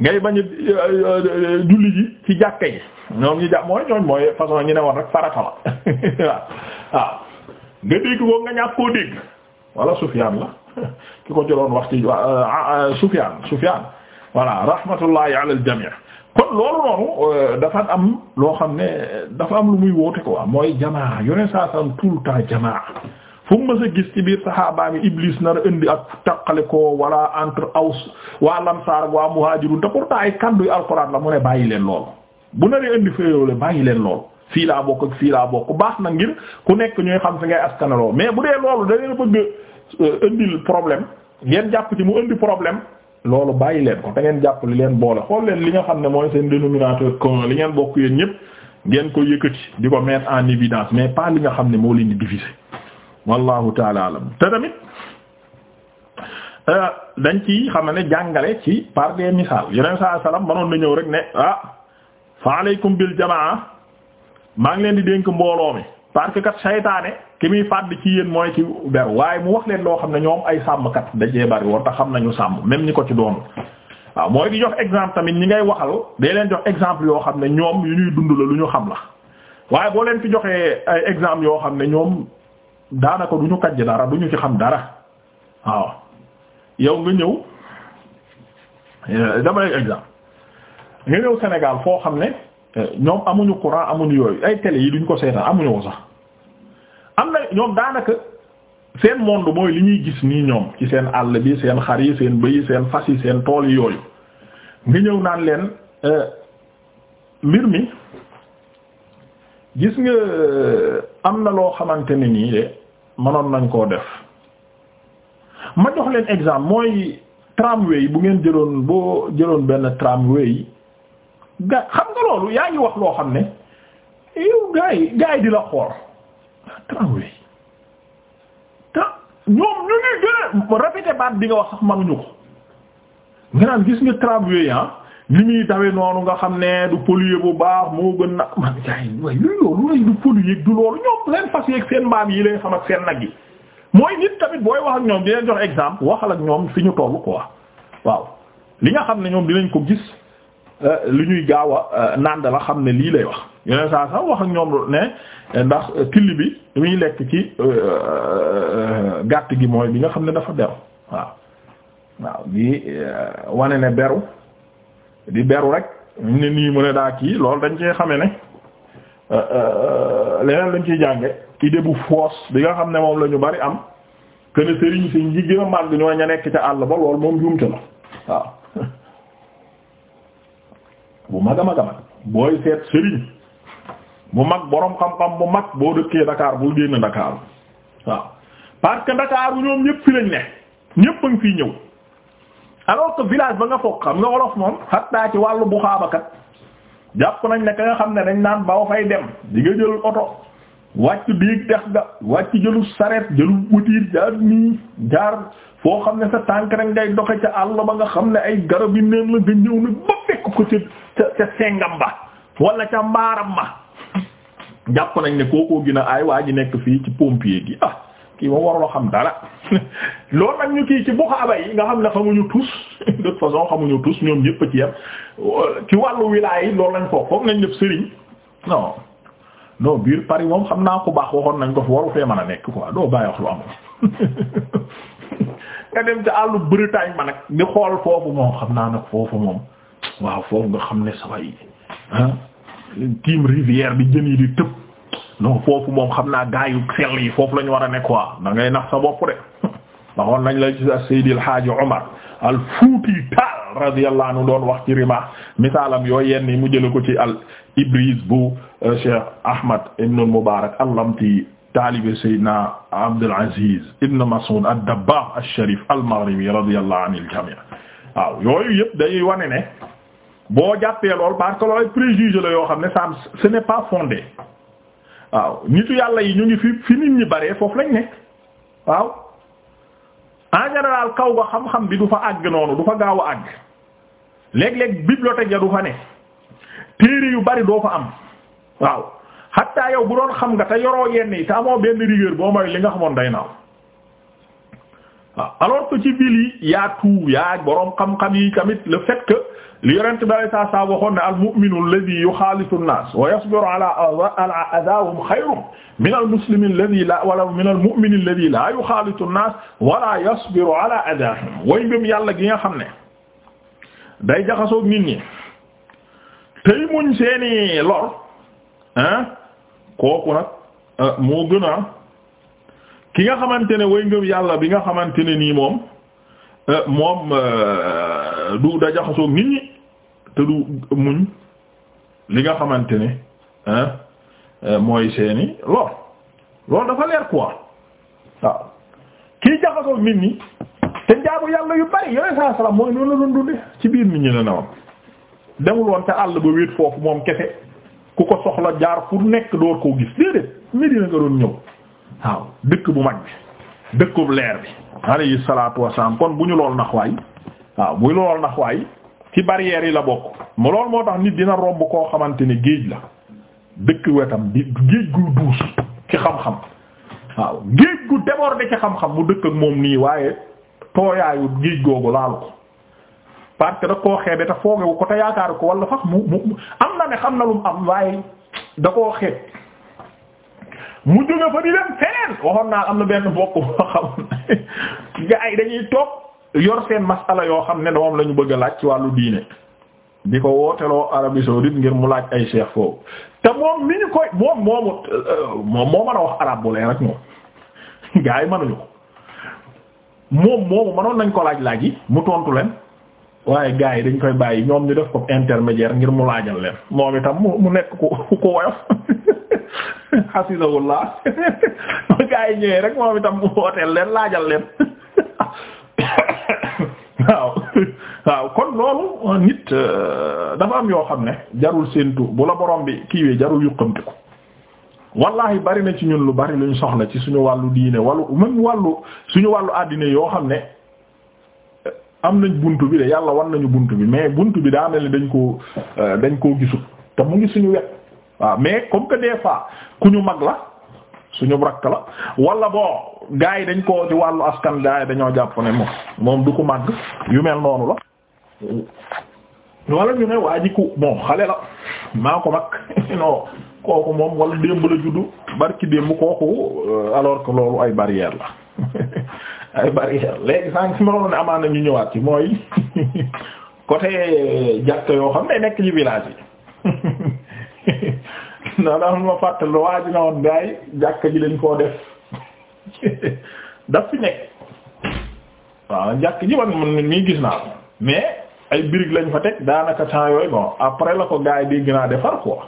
ngay bañ a euh, euh, julli ji ci jàkka yi ñoom ñu jàpp mooy ñooñ mooy façon ñu ne woon rek farata la <laughs> waaw nga dégg ko nga ñàkk koo dégg wala Sufyaan la <laughs> ki ko jëloon wax ci euh, Sufyaan Sufyaan voilà rahmatullahi ala al jami' kon loolu noonu dafa am loo xam ne dafa am lu muy woote quoi mooy jamaa yoneen saa san tout jamaa fu mu gis ci biir saxaabaam yi Iblis nar a indi ak taqale ko wala entre aws waa lamsaar waa muhaajirun te pourtant ay kàddu yu alxuraan la mu ne bàyyi leen loolu bu naree indi féeroole bàyyi leen loolu fii laa bokk ak fii laa bokk baax na ngir ku nekk ñuy xam fi ngay askanaloo mais bu dee loolu da leen bëgg euh, indil problème ngeen jàpp ci mu indi problème loolu bàyyi leen ko da ngeen jàpp li leen boole xool leen li nga xam ne mooy seen dénominateur commun li ngeen bokk yéen ñëpp ngeen ko yëkkati di ko mettre en mais pas li nga xam ne moo leen di diviser wallahu taala alam te tamit euh, dañ ci xam ne jàngale ci par des misaal yeneen saa salaam manoon na ñëw rek ne ah fa aleykum bil jamaa maa ngi leen di dénk mbooloo mi parce que kat saytaane ki muy fàdd ci yéen mooy ci ber waaye mu wax leen loo xam ne ñoom ay sàmmkat dajee bari woon te xam nañu sàmm même ñi ko ci doom waaw mooy di jox exemple tamit ñi ngay waxal day leen jox exemple yoo xam ne ñoom yu ñuy dund la lu ñu xam la waaye boo leen fi joxee ay exemple yoo xam ne ñoom daanaka du ñu kajj dara du ñu ci xam dara waaw yow nga ñëw eh, dama lay exemple nga ñëw Sénégal foo xam ne eh, ñoom amuñu courant amuñu yooyu ay télé yi duñ ko seetaan amuñu ko sax am na ñoom daanaka seen monde mooy li ñuy gis nii ñoom ci seen àll bi seen xar yi seen bëy seen fas yi seen tool yooyu nga ñëw naan leen eh, mbir mi gis nga am na loo xamante ne nii de mënoon nañ koo def ma jox leen exemple mooy tramway bu ngeen jëloon boo jëloon benn tramway ga xam nga loolu yaa ngi wax loo xam ne yow gars yi di la xool tramway tra ñoom ñu ngi gën a répété baat bi nga wax sax mënuñu ko nga naan gis nga tramway ah li muy dawe noonu nga xam ne du polluer bu baax moo gën nag man jaay waaye luy loolu lay du polluer du loolu ñoom leen fas yeeg seen mbaam yi leen xam ak nag yi mooy nit tamit booy wax ak ñoom dinañ jox exemple waxal ak ñoom fi ñu tollu quoi waaw li nga xam ne ñoom dinañ ko gis euh, lu ñuy gaaw a euh, naan la xam ne lii lay wax yeneen saa sax wax ak ñoom ne euh, ndax tilli bi muy lekk ci gàtt gi mooy bi nga xam ne dafa beru waaw waaw bi wane ne beru di beru rek mu ne nii mu ne daa kii loolu dañ cee xame ne euh, euh, leneen lañ ciy jànge idée bu fausse bi nga xam ne moom lañu bari am que sëriñ si ñi gën a màgg ñoo ña nekk ca àll ba loolu moom juumte la waaw bu mag a mag a mag booy seet sëriñ bu mag boroom xam-xam bu mag boo dëkkee Dakar bul génn Dakar waaw parce que ñoom ñépp fi lañ ne ñépp a ngi fiy ñëw. alors que village ba nga foog xam nga wolof moom xattaa ci wàll bu xaabakat jàpp nañ ne ka nga xam ne dañ naan ba fay dem di nga jël oto wàcc déeg dex ga wàcc jëlu saret jëlu wutir jaar nii jaar foo xam ne sa tànk rek ngay doxe ca àll ba nga xam ne ay garab yi neen la nga ñëw nag ba fekk ko ca ca ca sengam ba wala ca mbaaram ma jàpp nañ ne kookoo gën a aay waa ji nekk fii ci pompier gi ah kii moom waruloo xam dara <laughs> loolu nag ñu kii ci buxaaba yi nga xam ne xamuñu tous <laughs> de toute façon xamuñu tous ñoom ñëpp ci yem ci wàllu wilaay yi loolu lañ ko foog nañ ñëpp sëriñ non biir Paris moom xam naa ko baax waxoon nañ ko fi waru fee nekk quoi doo bàyyi wax lu amul <laughs> nga dem ma nag xool foofu moom xam naa nag foofu moom waaw foofu nga xam ne saway ah rivière bi jën yi di tëb non foofu moom xam naa gaayu sell yi foofu la ñu war a nekk quoi da ngay nax sa bopp de <laughs> waxoon nañ la ci Seydil Haaji Omar al Fuuti Taal radiyallahu anhu doon wax ci riba misaalam yooyu yenn yi mu jële ko ci al Ibriz bu euh, Cheikh Ahmad ibnul Mubaarak al-Lamti taalibe Seydina Abdul Aziz ibn Mas'ud ad-Dabbaagh ash-Sharif al-Maghribi radiyallahu anil jamii yooyu yëpp dañuy wane ne boo jàppee lool parce que loolu préjugé la yoo xam ne ça ce n'est pas fondé waaw nitu yàlla yi ñu ngi fi fi nit ñi baree foofu lañ nekk waaw en général kaw ga xam-xam bi du fa àgg noonu du fa gaaw a àgg léeg-léeg bibliothèque ya du fa ne téere yu bari doo fa am waaw xatta yow bu doon xam nga te yoroo yenn yi te amoo benn rigueur boo may li nga xamoon day naaw waaw ah, alors que ci biir yi yaa tout yaa boroom xam-xam yi tamit le fait que li yorent ba saa saa waxoon ne al mu'minu alladhi yukhalitu an-nas wa yasbiru ala ala adahum khayrun min al muslimi alladhi la wala min al mu'mini alladhi la yukhalitu an-nas wala yasbiru ala adahum way ngëm yàlla gi nga xam ne day jaxasoog nit ñi tey muñ seeni lor ah kooku nag euh, moo gën a ki nga xamante ne way ngëm yàlla bi nga xamante ne nii moom euh, moom euh, du da jaxasoog nit ñi te du muñ li nga xamante ne euh, mooy seeni lool loolu dafa leer quoi waaw kii jaxasoog nit ñi te jaabu yàlla yu bari yooyu saa salaam mooy noonu la doon dunde ci biir nit ñi la newam demul woon àll ba wéet foofu moom kese ku ko soxla jaar fu nekk door koo gis déedéet Medina nga doon ñëw waaw dëkk bu mag bi dëkkub leer bi alayhi salaatu wassalaam kon bu ñu lool nax waay waaw bu ñu lool nax ci barrières yi la bokk mu lool moo tax nit dina romb koo xamante ne géej la dëkk wetam di géej gu duus ci xam-xam waaw géej gu débordé ci xam-xam mu dëkk ak moom nii waaye tooyaayu géej googu laalu ko parce que da koo xeebe te foogewu ko te yaakaaru ko wala sax mu mu am na ne xam na lu mu am waaye da koo xeeb mu jóge fa di dem waxoon naa am na benn bokk boo xam gars yi dañuy toog yor seen masala yoo xam ne moom la ñu bëgg a laaj ci wàllu diine bi ko wooteloo Arabie saoudite ngir mu laaj ay cheikh foofu te moom mi ñu koy moom moomu moom moo mën a wax arabe bu leer nañ ko laaj laaj yi mu tontu leen. waaye gaa yi dañ koy bàyyi ñoom ñu def ko intermédiaire ngir mu laajal leen moom itam mu nekk ku ku woyof <laughs> hafizahullah <laughs> gars yi ñëwee rek moom itam mu wooteel leen laajal leen <coughs> waaw <coughs> waaw kon loolu nit euh, dafa am yoo xam ne jarul séentu bu la borom bi kiiwee jarul yuqamti ko wallahi bari na ci ñun lu bari luñ soxla ci suñu wàllu diine wàllu même wàllu suñu wàllu àddina yoo xam ne am nañ bunt bi de yàlla war nañu bunt bi mais bunt bi daa mel ni dañ koo euh, dañ koo gisul te mu ngi suñu wet waaw mais comme que des fois ku ñu mag la suñu rakk la wala boo gars yi dañ koo ci wàllu askan gars yi dañoo jàpp ne moom moom du ko màgg yu mel noonu la. wala ñu ne waa ji xale la maa ko mag <laughs> non kooku moom wala démb la juddu barki démb kooku euh, alors que loolu ay barrière la <laughs> ay barrière léegi sànq si ma waroon amaana ñu ñëwaat ci mooy <laughs> côté jàkka yoo xam ne nekk ci village yi <laughs> non non ma fàttali waa ji na woon gars yi ji lañ koo def <laughs> daf fi nekk waaw jàkka ji man man mii gis naa mais ay birig lañ fa teg daanaka temps yooyu bon après la ko gars yi di gën defar quoi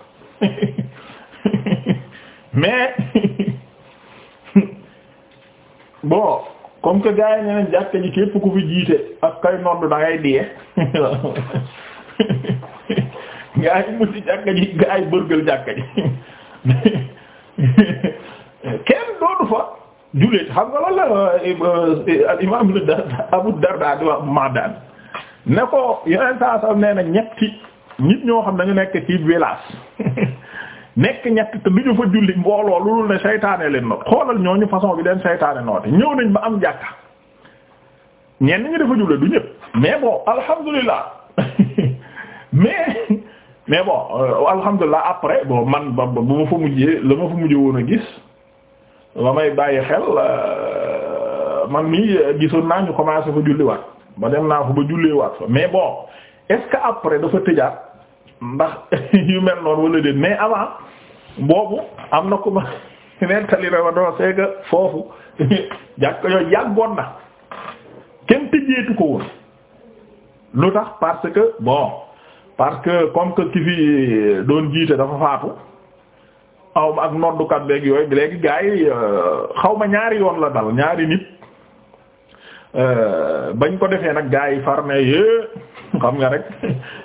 mais bon. comme que gars yi ñeneen jàkka ji képp ku fi jiite ak kay nodd da ngay dee gars yi jàkka ji gars yi bërgël jàkka ji kenn dootu fa jullit xam nga loolu la euh, al imam Abu Darda di Maadaan ne ko yeneen saa sax nee na ñetti nit ñoo xam ne nekk ci village nekk ñett te duñu fa julli mbooloo loolu ne seytaane leen noot xoolal ñooñu façon bi leen seytaane noote ñëw nañ ba am jàkka ñenn ñi dafa julli du ñëpp mais bon alhamdulilah <laughs> mais mais bon euh, alhamdulilah après bon man ba ba ma fa mujjee la ma fa mujjee woon a gis ba may bàyyi xel euh, man mii euh, gisoon naa ñu commencé fa julliwaat ba dem naa fa ba julliwaat fa mais bon est-ce que après dafa tëjaat. ndax <laughs> yu mel noonu wala déet mais avant boobu am na ku ma <laughs> nettali na ma non c'est foofu <laughs> jàkk yooyu yàggoon na kenn tëjeetu ko woon lu tax parce que bon parce que comme que ki fi doon jiite dafa faatu aw ma ak noddukat beeg yooyu léegi gars yi euh, xaw ma ñaari yoon la dal ñaari nit euh, bañ ko defee nag gars yi far ne yee xam nga rek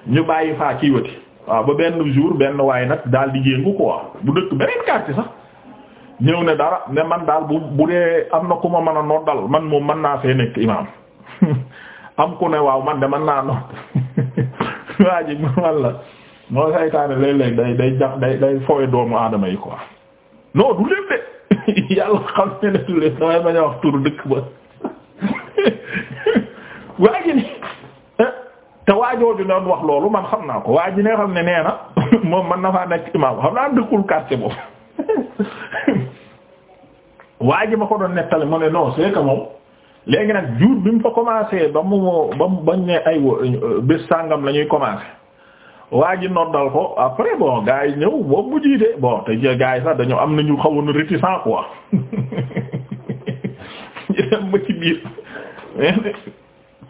ñu bàyyi faa kii wati waaw ba benn jour benn waaye nag daal di jéngu quoi bu dëkk beneen quartier sax ñëw ne dara ne man daal bu bu dee am na ku ma man a noddal man moom mën naa fee nekk imaam <laughs> am ku ne waaw man de man naa nodd <laughs> waa ji man la moo saytaane léeg-léeg day day day fowe doomu aadama yi quoi non du lépp de <laughs> yàlla xam ne ne du lépp damay bañ a wax dëkk ba waa ji te waajooju doon wax loolu man xam naa ko waa ji xam ne nee na <laughs> moom man na faa nekk imaam xam naa dëkkul quartier boobu <laughs> waa ma ko doon nettali ma ne non c'est que moom léegi nag jour bi mu fa commencé ba mu ba mu bañ ne ay bés sàngam la ñuy commencé waa ji noddal ko après bon gars yi ñëw boobu mu jiite bon te je gars yi sax dañoo am nañu xawoon réticent quoi <laughs> ñu dem ba ci biir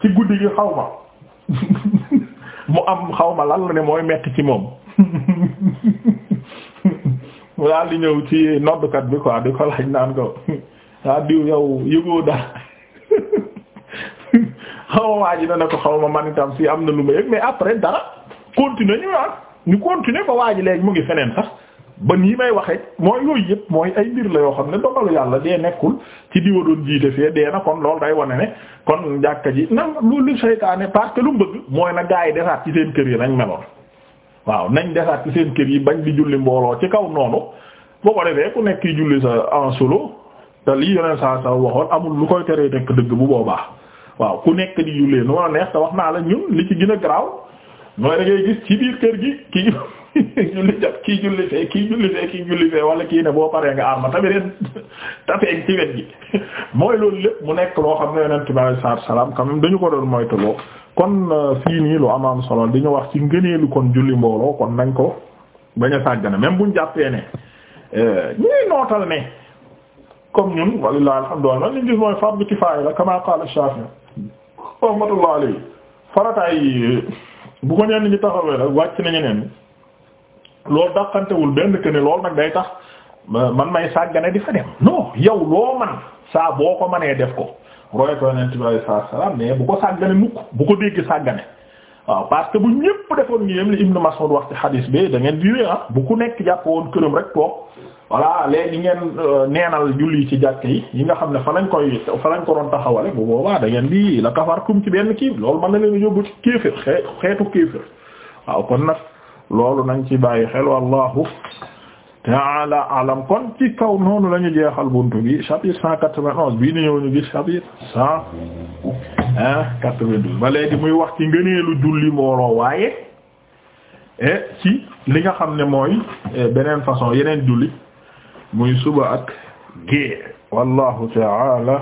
ci guddi gi xaw ma. mu am xaw ma lan la ne mooy metti ci moom mu daal di ñëw ci noddukat bi quoi di ko laaj naan ko waa ah, diw yow yëgoo dara xaw ma waa ji na ne ko xaw ma man itam si am na lu ma yëg mais après dara continuer ñu ah ñu waa ji léegi mu ngi feneen ba yi may waxee mooy yooyu yëpp mooy ay mbir la yoo xam ne dogalu yàlla dee nekkul ci diwa doon jiite fee dee na kon loolu day wane ne kon jàkka ji na loolu seytaane parce que lu mu bëgg mooy na gaa yi desaat ci seen kër yi nañ meloon waaw nañ desaat ci seen kër yi bañ di julli mbooloo ci kaw noonu boo ko defee ku nekk julli sa en solo te lii yeneen saa saa waxoon amul lu koy teree dëgg bu boobaa waaw ku nekk di jullee nu ma neex te wax naa la ñun li ci gën a garaaw mooy da ngay gis ci biir kër gi kii. <laughs> julli jàpp kii julli fee kii julli fee kii julli fee wala kii ne boo paree nga arma tamit ren <laughs> tafeeg ci wet gi <laughs> mooy loolu lépp mu nekk loo xam ne yonent bi alayhi salaatu salaam quand dañu ko doon moytuloo kon euh, fii nii lu am solo di ñu wax ci ngëneelu kon julli mbooloo kon nañ ko bañ a sàggane même buñ jàppee ne euh, ñuy nootal ne comme ñun walillahi alhamdulillah liñ gis mooy fardu kifaaya la kama qaala Shaafi'i rahmatullahi alayhi farataay bu ko ñenn ñi taxawee la na ñeneen loolu daqantewul benn que ne loolu nag day tax man may sàggane di fa dem non yow loo man saa boo ko mënee def ko roye ko yonent bi alayhi salaam mais bu ko sàggane mukk bu ko dégg sàggane waaw parce que bu ñëpp defoon ñu yem li Ibn Mas'ud wax ci xadiis bi da ngeen duré ah bu ku nekk jàpp woon këram rek toog voilà léegi ngeen euh, neenal julli ci jàkk yi yi nga xam ne fa lañ koy fa lañ ko doon taxawale bu boobaa da ngeen di la kafartum ci benn kii loolu mën na leen yóbbu ci kéefër xeetu kéefër waaw kon nag loolu nañ ci bàyyi xel wallahu ta'ala alam kon ci kaw noonu la ñu jeexal buntu bi chapitre cent quatre-vingt-onze bii ni ñëw ñu gis chapitre cent quatre-vingt-douze ba léegi muy wax ci ngëneelu julli mbooloo waaye eh, ci li nga xam ne mooy eh, beneen façon yeneen julli muy suba ak gée wallahu ta'ala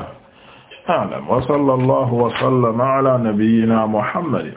a'lam wa sallallahu wa sallama ala nabiyyina muhammadin